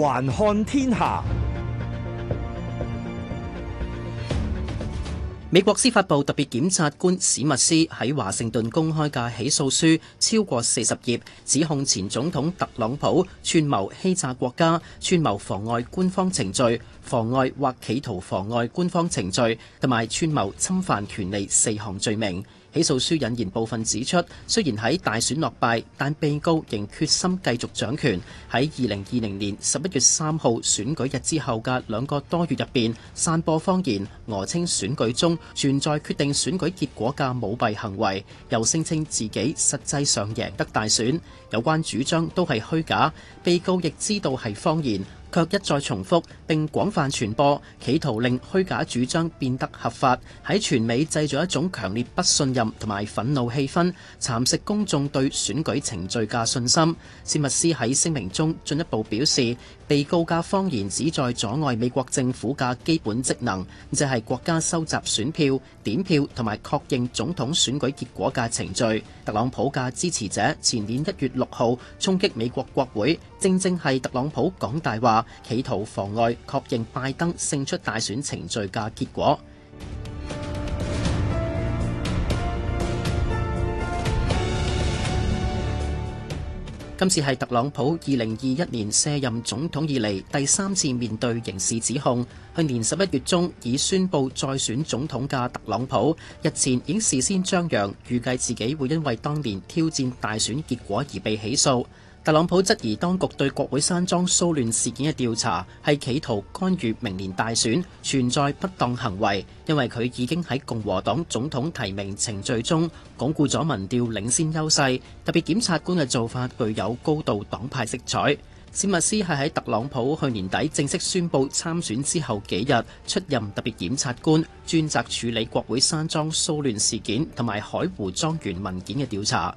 環看天下，美國司法部特別檢察官史密斯喺華盛頓公開嘅起訴書超過四十頁，指控前總統特朗普串謀欺詐國家、串謀妨礙官方程序、妨礙或企圖妨礙官方程序，同埋串謀侵犯權利四項罪名。起訴書引言部分指出，雖然喺大選落敗，但被告仍決心繼續掌權。喺二零二零年十一月三號選舉日之後嘅兩個多月入邊，散播謊言，訛稱選舉中存在決定選舉結果嘅舞弊行為，又聲稱自己實際上贏得大選。有關主張都係虛假，被告亦知道係謊言。卻一再重複並廣泛傳播，企圖令虛假主張變得合法，喺全美製造一種強烈不信任同埋憤怒氣氛，蠶食公眾對選舉程序嘅信心。史密斯喺聲明中進一步表示，被告嘅謊言旨在阻礙美國政府嘅基本職能，即係國家收集選票、點票同埋確認總統選舉結果嘅程序。特朗普嘅支持者前年一月六號衝擊美國國會，正正係特朗普講大話。企圖妨礙確認拜登勝出大選程序嘅結果。 今次係特朗普二零二一年卸任總統以嚟第三次面對刑事指控。去年十一月中已宣布再選總統嘅特朗普，日前已經事先張揚，預計自己會因為當年挑戰大選結果而被起訴。特朗普質疑當局對國會山莊騷亂事件嘅調查係企圖干預明年大選，存在不當行為，因為佢已經喺共和黨總統提名程序中鞏固咗民調領先優勢。特別檢察官嘅做法具有高度黨派色彩。史密斯係喺特朗普去年底正式宣布參選之後幾日出任特別檢察官，專責處理國會山莊騷亂事件同埋海湖莊園文件嘅調查。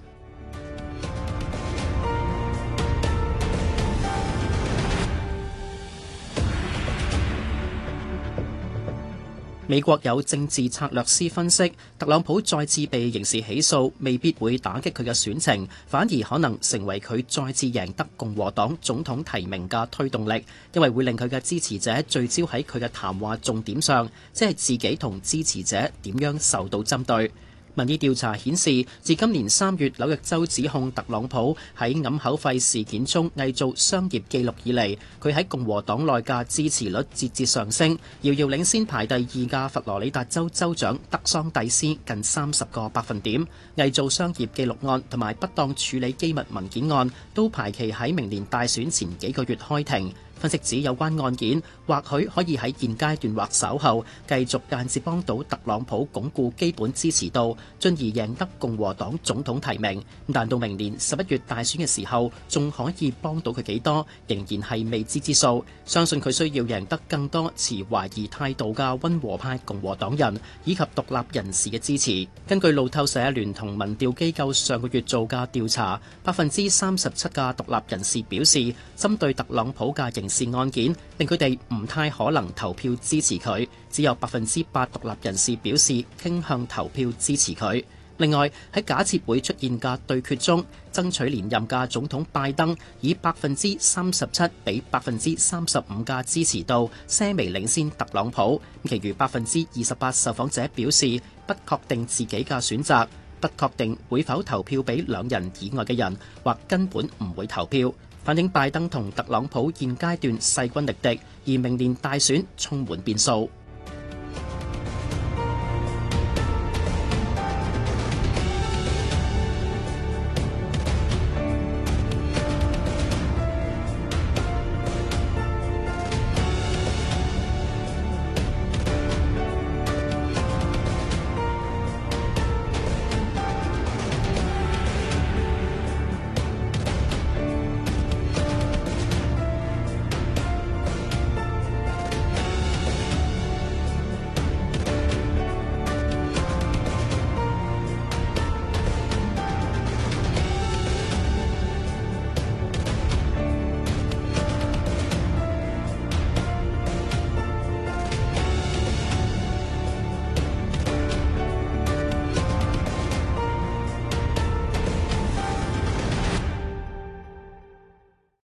美國有政治策略師分析，特朗普再次被刑事起訴，未必會打擊佢嘅選情，反而可能成為佢再次贏得共和黨總統提名嘅推動力，因為會令佢嘅支持者聚焦喺佢嘅談話重點上，即係自己同支持者點樣受到針對。民意調查顯示，自今年三月紐約州指控特朗普喺暗口費事件中偽造商業記錄以嚟，佢喺共和黨內嘅支持率節節上升，遙遙領先排第二嘅佛羅里達州州長德桑蒂斯近三十個百分點。偽造商業記錄案同埋不當處理機密文件案都排期喺明年大選前幾個月開庭。分析指有關案件或許可以喺現階段或稍後繼續間接幫到特朗普鞏固基本支持度，進而贏得共和黨總統提名。但到明年十一月大選嘅時候，仲可以幫到佢幾多，仍然係未知之數。相信佢需要贏得更多持懷疑態度嘅溫和派共和黨人以及獨立人士嘅支持。根據路透社聯同民調機構上個月做嘅調查，百分之三十七嘅獨立人士表示，針對特朗普嘅刑事事案件令佢哋唔太可能投票支持佢，只有百分之八獨立人士表示傾向投票支持佢。另外喺假設會出現嘅對決中，爭取連任嘅總統拜登以百分之三十七比百分之三十五嘅支持度，些微領先特朗普。其餘百分之二十八受訪者表示不確定自己嘅選擇，不確定會否投票俾兩人以外嘅人，或根本唔會投票。反正拜登同特朗普現階段勢均力敵，而明年大選充滿變數。